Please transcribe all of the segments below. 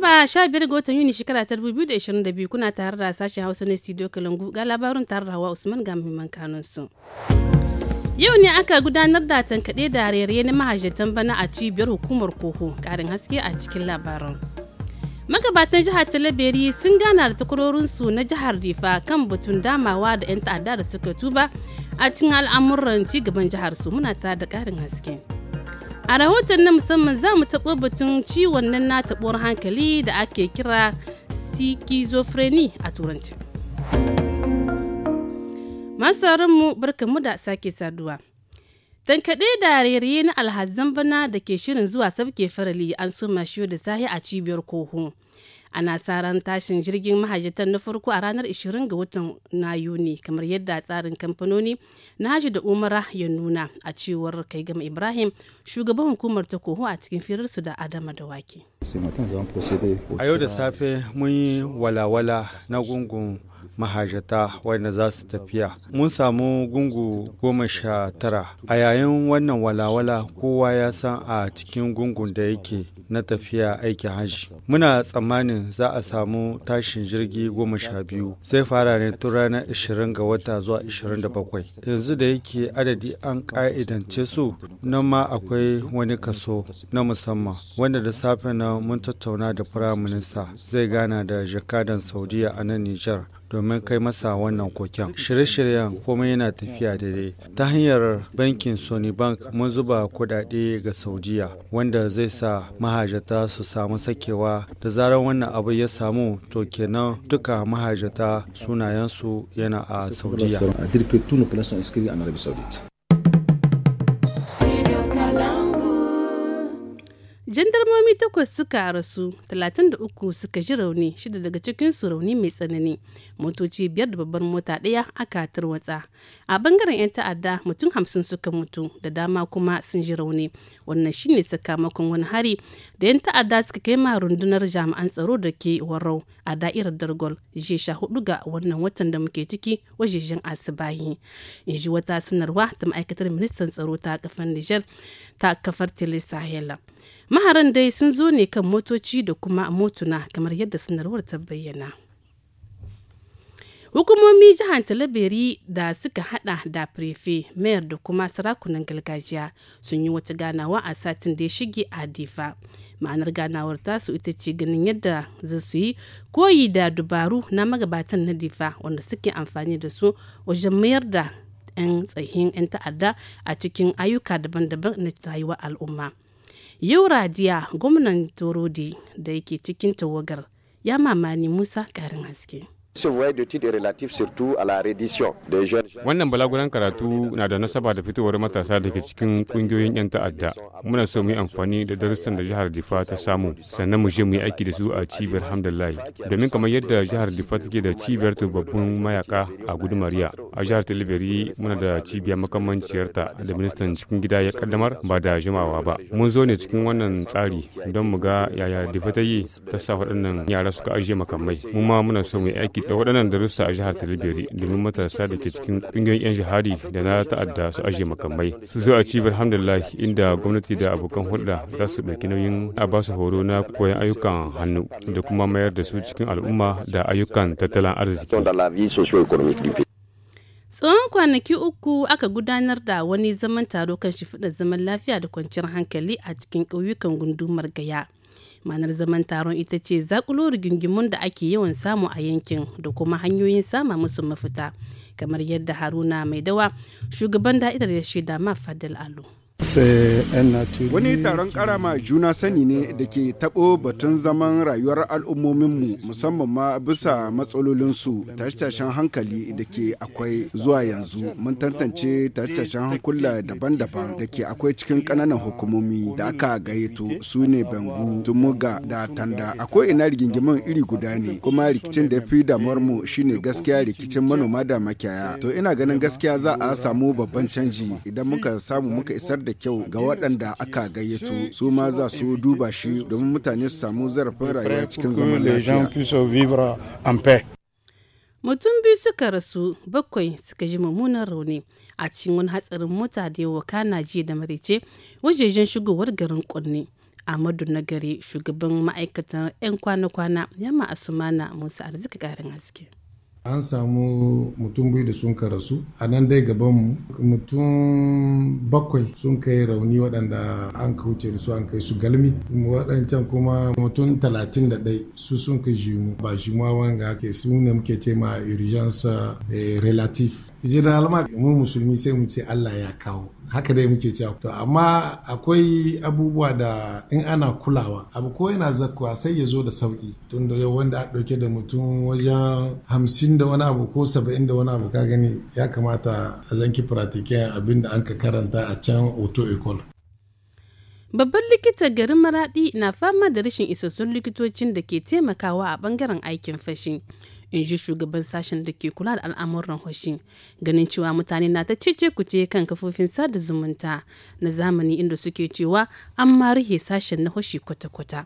laraba 15 ga watan yuni shekara ta 2022 kuna tare da sashen hausa na studio kalangu ga labarin tare da hawa usman ga muhimman su yau ne aka gudanar da tankaɗe da rairaye na mahajjatan bana a cibiyar hukumar koko ƙarin haske a cikin labarin magabatan jihar talabiri sun gana da su na jihar rifa kan batun damawa da 'yan ta'adda da suka tuba a cikin al'amuran ci gaban jihar su muna tare da ƙarin haske. A rahoton na musamman za mu taɓo batun ciwon nan na taɓuwar hankali da ake kira sikizofreni a turanci. Masu mu barkanmu da sake saduwa. Tankaɗe da rere na alhazan bana da ke shirin zuwa sabke farali an soma shi da sahi a cibiyar koho. ana sa tashin jirgin mahajjatan na farko a ranar 20 ga watan na yuni kamar yadda tsarin kamfanoni na haji da umara ya nuna a cewar kai gama ibrahim shugaban hukumar ta koho a cikin firarsu da adama da wake a yau da safe mun yi walawala na gungun mahajata wanda za su tafiya mun samu gungu goma sha tara a yayin wannan walawala kowa ya san a cikin gungun da yake na tafiya aikin haji. muna tsammanin za a samu tashin jirgi goma sha biyu sai fara ne tun ranar ishirin ga wata zuwa ishirin da bakwai. yanzu da yake adadi an ka'idance su nan ma akwai wani kaso na musamman wanda da safe na mun tattauna da firayim minista zai gana da jakadan saudiya a nan nijar domin kai masa wannan koken. Shirye-shiryen komai yana tafiya daidai. Ta hanyar bankin Sony Bank mun zuba kudade ga Saudiya wanda zai sa mahajata su samu sakewa da zarar wannan abu ya samu to kenan duka mahajata sunayensu yana a Saudiya. jandarmomi takwas suka rasu 33 suka ji rauni shida daga cikinsu rauni mai tsanani motoci biyar da babbar mota ɗaya aka tarwatsa a bangaren 'yan ta'adda mutum hamsin suka mutu da dama kuma sun ji rauni wannan shine sakamakon wani hari da 'yan ta'adda suka kai ma rundunar jami'an tsaro da ke warau a da'irar dargol je sha hudu ga wannan watan da muke ciki wajejen asibahi in ji wata sanarwa ta ma'aikatar ministan tsaro ta kafar niger ta kafar tele sahela maharan dai sun zo ne kan motoci da kuma motuna kamar yadda sanarwar ta bayyana hukumomi jihar talabiri da suka hada da prefe mayar da kuma sarakunan gargajiya sun yi wata ganawa a satin da ya shige a difa ma'anar ganawar tasu ita ce ganin yadda za su yi koyi da dubaru na magabatan na difa wanda suke amfani da su wajen mayar da 'yan tsahin 'yan ta'adda a cikin ayyuka daban-daban na rayuwar al'umma yau radiya gwamnan torodi da yake cikin tawagar ya mamani musa karin haske Wannan balaguran karatu na da nasaba da fitowar matasa da ke cikin kungiyoyin 'yan ta'adda. Muna so mu yi amfani da darussan da jihar Difa ta samu, sannan mu je mu yi aiki da su a cibiyar Hamdallahi. Domin kamar yadda jihar Difa take da cibiyar babban mayaka a gudumariya, a jihar Talibiri muna da cibiyar makamanciyarta da ministan cikin gida ya kaddamar ba da jimawa ba. Mun zo ne cikin wannan tsari don mu ga yaya Difa ta yi ta sa waɗannan yara suka ajiye makamai. Mu ma muna so mu yi aiki da waɗannan darussa a jihar talibiri domin matasa da ke cikin ƙungiyar 'yan jihari da na ta'adda su aje makamai su zo a cibiyar hamdulillah inda gwamnati da abokan hulɗa za su ɗauki nauyin a ba su horo na koyon ayyukan hannu da kuma mayar da su cikin al'umma da ayyukan tattalin arziki tsawon kwanaki uku aka gudanar da wani zaman taro kan shimfiɗar zaman lafiya da kwanciyar hankali a cikin ƙauyukan gundumar gaya manar zaman taron ita ce zakulo rigingimun da ake yawan samu a yankin da kuma hanyoyin sama musu mafita kamar yadda haruna mai dawa shugaban da'idar ya shaida ma fadil alu Wani taron karama juna sani ne da ke taɓo batun zaman rayuwar al'ummominmu musamman ma bisa matsalolinsu tashe-tashen hankali da ke akwai zuwa yanzu mun tantance tashe hankula daban-daban da ke akwai cikin ƙananan hukumomi da aka gayyato su ne bangu tumuga da tanda akwai ina rigingimin iri guda ne kuma rikicin da fi damuwar mu shine gaskiya rikicin manoma da makiyaya to ina ganin gaskiya za a samu babban canji idan muka samu muka isar da da kyau ga waɗanda aka gayyato su ma za su duba shi domin mutane su samu zarafin rayuwa cikin zaman lafiya. Mutum biyu suka rasu bakwai suka ji mummunan rauni a cikin wani hatsarin mota da yawa kana jiya da marece wajejen shigowar garin kunne. amadu Nagari shugaban ma'aikatan 'yan kwana-kwana yamma Asumana Musa arziki karin haske. an samu mutum biyu da sun rasu a nan dai gaban mu mutum bakwai sun kai rauni waɗanda an kauce da su an kai su galmi waɗancan kuma mutum talatin da ɗai su sun kai jimu ba jimuwa wanga ake su ne muke ce ma urgence eh, relative general mun musulmi sai mu ce allah ya kawo haka dai muke cewa to amma akwai abubuwa da in ana kulawa abu ko yana zakwa sai ya zo da sauki tun da yau wanda a ɗauke da mutum wajen hamsin da wani abu ko saba'in da wani abu ka gani ya kamata a zanki pratiken abin da an ka karanta a can auto ecole Babban likita garin Maradi na fama da rashin isassun likitocin da ke taimakawa a bangaren aikin fashi. In ji shugaban sashen da ke kula da al'amuran hoshin, ganin cewa mutane na ta cece kuce kan kafofin sada zumunta na zamani inda suke cewa an marihe sashen na hoshi kwata-kwata.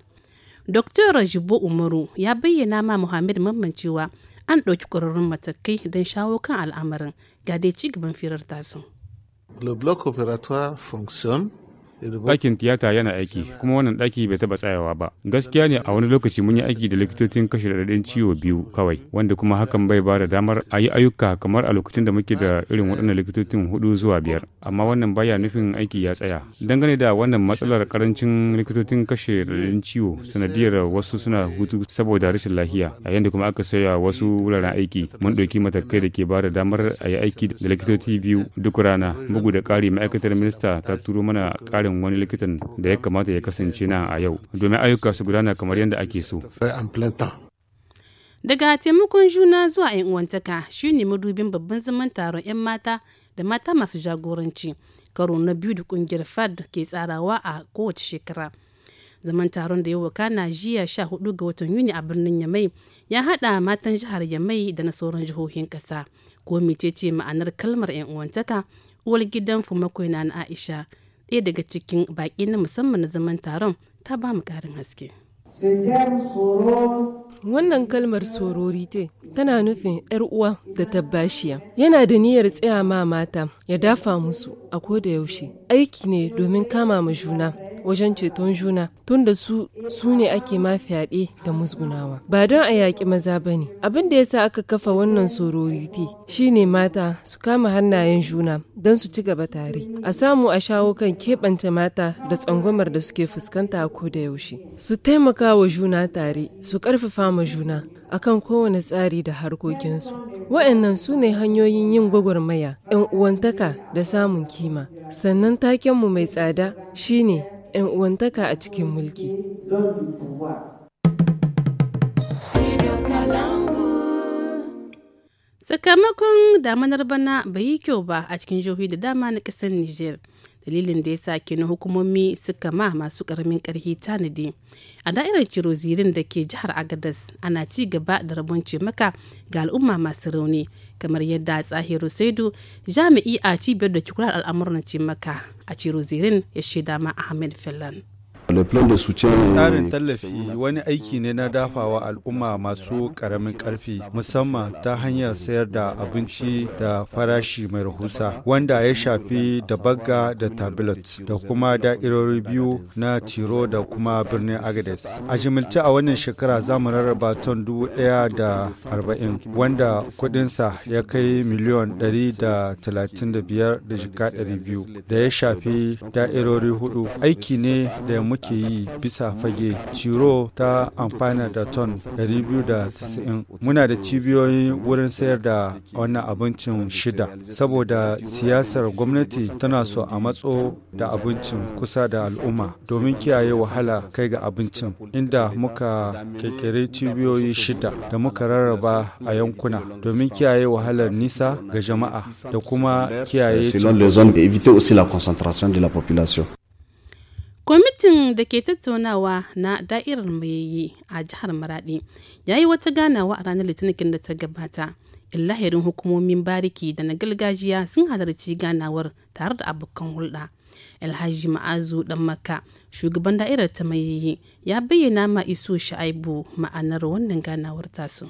Dr. Jibo Umaru ya bayyana ma Muhammad Mamman cewa an ɗauki ƙwararrun matakai don shawo kan al'amarin ga dai ci gaban firar tasu. Le bloc opératoire fonctionne dakin tiyata yana aiki kuma wannan daki bai taɓa tsayawa ba gaskiya ne a wani lokaci mun yi aiki da likitocin kashe raɗaɗin ciwo biyu kawai wanda kuma hakan bai ba da damar a yi ayyuka kamar a lokacin da muke da irin waɗannan likitocin hudu zuwa biyar amma wannan baya nufin aiki ya tsaya dangane da wannan matsalar karancin likitocin kashe raɗaɗin ciwo sanadiyar wasu suna hutu saboda rashin lafiya a yanda kuma aka saya wasu wuraren aiki mun ɗauki matakai da ke ba da damar a yi aiki da likitoci biyu duk rana bugu da ƙari ma'aikatar minista ta turo mana ƙarin samun wani likitan da ya kamata ya kasance na a yau domin ayyuka su gudana kamar yadda ake so. Daga taimakon juna zuwa 'yan uwantaka shi ne madubin babban zaman taron 'yan mata da mata masu jagoranci karo na biyu da kungiyar FAD ke tsarawa a kowace shekara. Zaman taron da ya waka na jiya 14 ga watan Yuni a birnin Yamai ya haɗa matan jihar Yamai da na sauran jihohin ƙasa. Ko ce ma'anar kalmar 'yan uwantaka uwar gidan Fumakwai na Aisha ɗaya daga cikin baƙi na musamman na zaman taron ta ba mu ƙarin haske. Wannan kalmar sororite tana nufin 'yar uwa da tabbashiya. Yana da niyyar tsaya ma mata ya dafa musu a ko da yaushe. Aiki ne domin kama ma juna wajen ceton juna tunda su su ne ake ma fyaɗe da musgunawa ba don a yaƙi maza ba ne abin da ya sa aka kafa wannan sorority shine mata su kama hannayen juna don su ci gaba tare a samu a shawo kan keɓance mata da tsangwamar da suke fuskanta a da yaushe su taimaka wa juna tare su ƙarfafa ma juna akan kowane tsari da harkokinsu waɗannan su ne hanyoyin yin gwagwarmaya 'yan uwantaka da samun kima sannan takenmu mai tsada shine 'yan uwantaka a cikin mulki. Sakamakon damanar bana bai yi kyau ba a cikin jihohi da dama na ƙasar Nijar. dalilin da ya sa kenan hukumomi suka ma masu karamin karhi tanadi a da'irar kirozirin da ke jihar agadas ana ci gaba da rabon maka ga al'umma masu rauni kamar yadda tsahiru saidu jami'i a cibiyar da kikular al'amuran cimaka a kirozirin ya shaida ma ahmed fellan Tsarin tallafi wani aiki ne na dafawa al'umma masu ƙaramin karfi musamman ta hanyar sayar da abinci da farashi mai rahusa wanda ya shafi da bagga da tablet da kuma da'irori biyu na tiro da kuma birnin agades. A jimilci a wannan shekara za mu rarraba ton dubu ɗaya da arba'in wanda kuɗinsa ya kai miliyon ɗari da talatin da biyar da jika ɗari biyu da ya shafi da'irori hudu aiki ne da muke yi bisa fage ciro ta amfana da ton 290 muna da cibiyoyi wurin sayar da wannan abincin shida saboda siyasar gwamnati tana so a matso da abincin kusa da al'umma domin kiyaye wahala kai ga abincin inda muka kekere cibiyoyi shida da muka rarraba a yankuna domin kiyaye wahalar nisa ga jama'a da kuma kiyaye Selon les zones, éviter aussi kwamitin da ke tattaunawa na da'irar mayayi a jihar maradi ya yi wata ganawa a ranar litinin da ta gabata illahirin hukumomin bariki da na gargajiya sun halarci ganawar tare da abokan hulɗa alhaji ma'azu dan maka shugaban da'irar ta mayayi ya bayyana ma iso sha'aibu ma'anar wannan ganawar tasu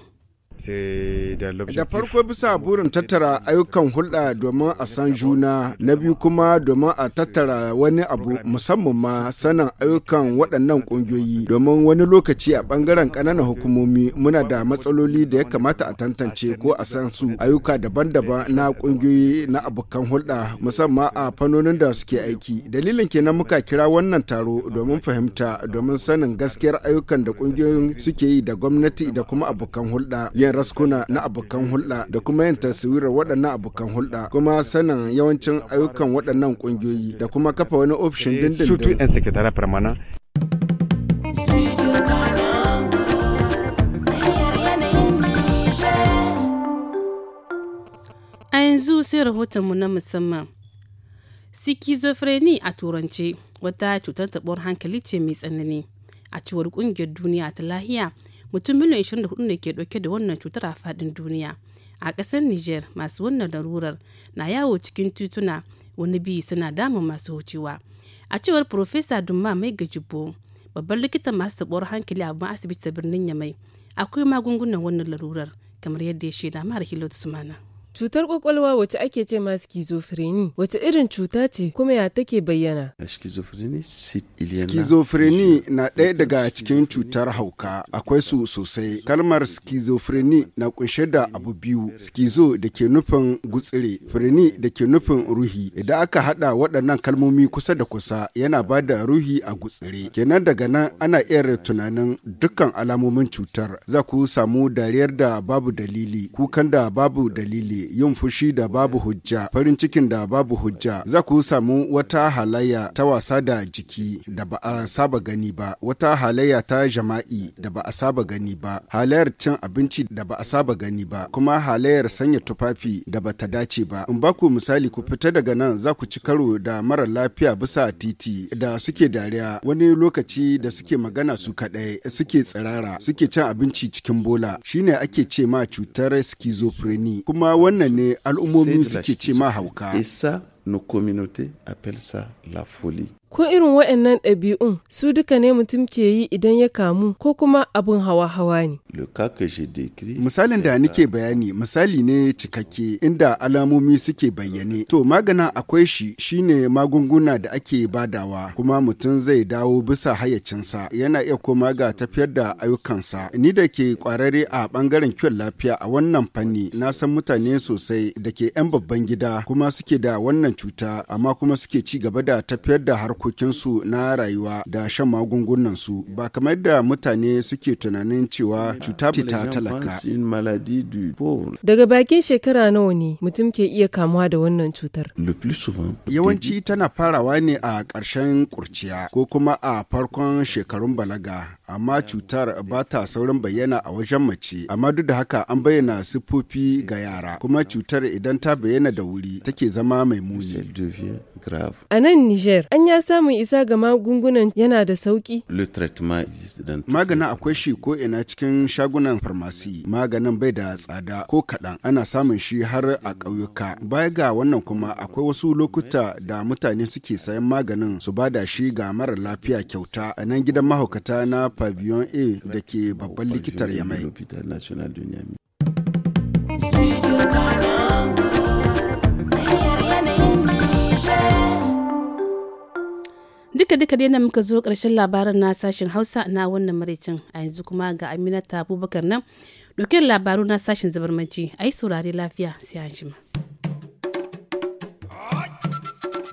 Da farko bisa burin tattara ayyukan hulɗa domin a san juna, na biyu kuma domin a tattara wani abu musamman ma sanin ayyukan waɗannan ƙungiyoyi domin wani lokaci a ɓangaren ƙananan hukumomi muna da matsaloli da ya kamata a tantance ko a san su ayyuka daban-daban na ƙungiyoyi na abokan hulɗa musamman a fannonin da suke aiki. Dalilin kenan muka kira wannan taro domin fahimta domin sanin gaskiyar ayyukan da ƙungiyoyin suke yi da gwamnati da kuma abokan hulɗa. Yin raskuna na abokan hulɗa da kuma yin taswirar waɗannan abokan hulɗa kuma sanin yawancin ayyukan waɗannan ƙungiyoyi da kuma kafa wani ofishin dindindin. A yanzu sai rahotonmu na musamman. Sikizofreni a Turance wata cutar taɓar hankali ce mai tsanani a cewar ƙungiyar duniya ta lahiya mutum miliyan 24 ne ke dauke da wannan cutar a fadin duniya a ƙasar niger masu wannan larurar na yawo cikin tituna wani bi suna dama masu wucewa a cewar profesa dumma mai gajibo babban likita masu taɓuwar hankali a babban asibiti birnin yamai akwai magungunan wannan larurar kamar yadda ya shaida mara hilot sumana Cutar kwakwalwa wacce ake ce ma schizophrenia wace irin cuta ce kuma ya take bayyana? Schizophrenia na ɗaya daga cikin cutar hauka akwai su sosai. Kalmar schizophrenia na kunshe da abu biyu schizo da ke nufin gutsire, freni da ke nufin ruhi. Idan aka haɗa waɗannan kalmomi kusa da kusa yana ba da ruhi a gutsire. Kenan daga nan ana iya tunanin dukkan alamomin cutar za ku samu dariyar da babu dalili, kukan da babu dalili, yin fushi da babu hujja farin cikin da babu hujja za ku samu wata halayya ta wasa da jiki da ba a saba gani ba wata halayya ta jama'i da ba a saba gani ba halayyar cin abinci da ba a saba gani ba kuma halayyar sanya tufafi da ba ta dace ba in ba ku misali ku fita daga nan za ku ci karo da mara lafiya bisa titi da suke dariya wani lokaci da suke magana su kaɗai suke tsirara suke cin abinci cikin bola shine ake ce ma cutar schizophrenia kuma wani wannan ne al'ummomi suke ce ma hauka. nos communautés appellent ça la folie. ko irin waɗannan ɗabi'un su duka ne mutum ke yi idan ya kamu ko kuma abin hawa-hawa ne. Misalin da nike bayani misali ne cikakke inda alamomi suke bayyane. To magana akwai shi shine magunguna da ake badawa kuma mutum zai dawo bisa hayyacinsa yana iya koma ga tafiyar da ayyukansa. Ni da ke kwararre a bangaren kiwon lafiya a wannan fanni na san mutane sosai da ke 'yan babban gida kuma suke da wannan cuta amma kuma suke ci gaba da tafiyar da harkokin harkokinsu na rayuwa da shan magungunan su ba kamar da mutane suke tunanin cewa cuta ce ta talaka. Daga bakin shekara nawa ne mutum ke iya kamuwa da wannan cutar? Yawanci tana farawa ne a ƙarshen kurciya ko kuma a farkon shekarun balaga amma cutar ba ta saurin bayyana a wajen mace amma duk da haka an bayyana siffofi ga yara kuma cutar idan ta bayyana da wuri take zama mai muni a nan niger an ya samun isa ga magungunan yana da sauki maganin akwai shi ko ina cikin shagunan farmasi maganin bai da tsada ko kaɗan ana samun shi har a ƙauyuka baya ga wannan kuma akwai wasu lokuta da mutane suke sayan maganin su bada shi ga mara lafiya kyauta a nan gidan mahaukata na pavillon A da ke babban likitar Yamai. duka duka dai na muka zo ƙarshen labaran na sashen hausa na wannan maraicin a yanzu kuma ga aminata abubakar nan ɗauke labaru na sashen zabarmanci a yi saurare lafiya sai an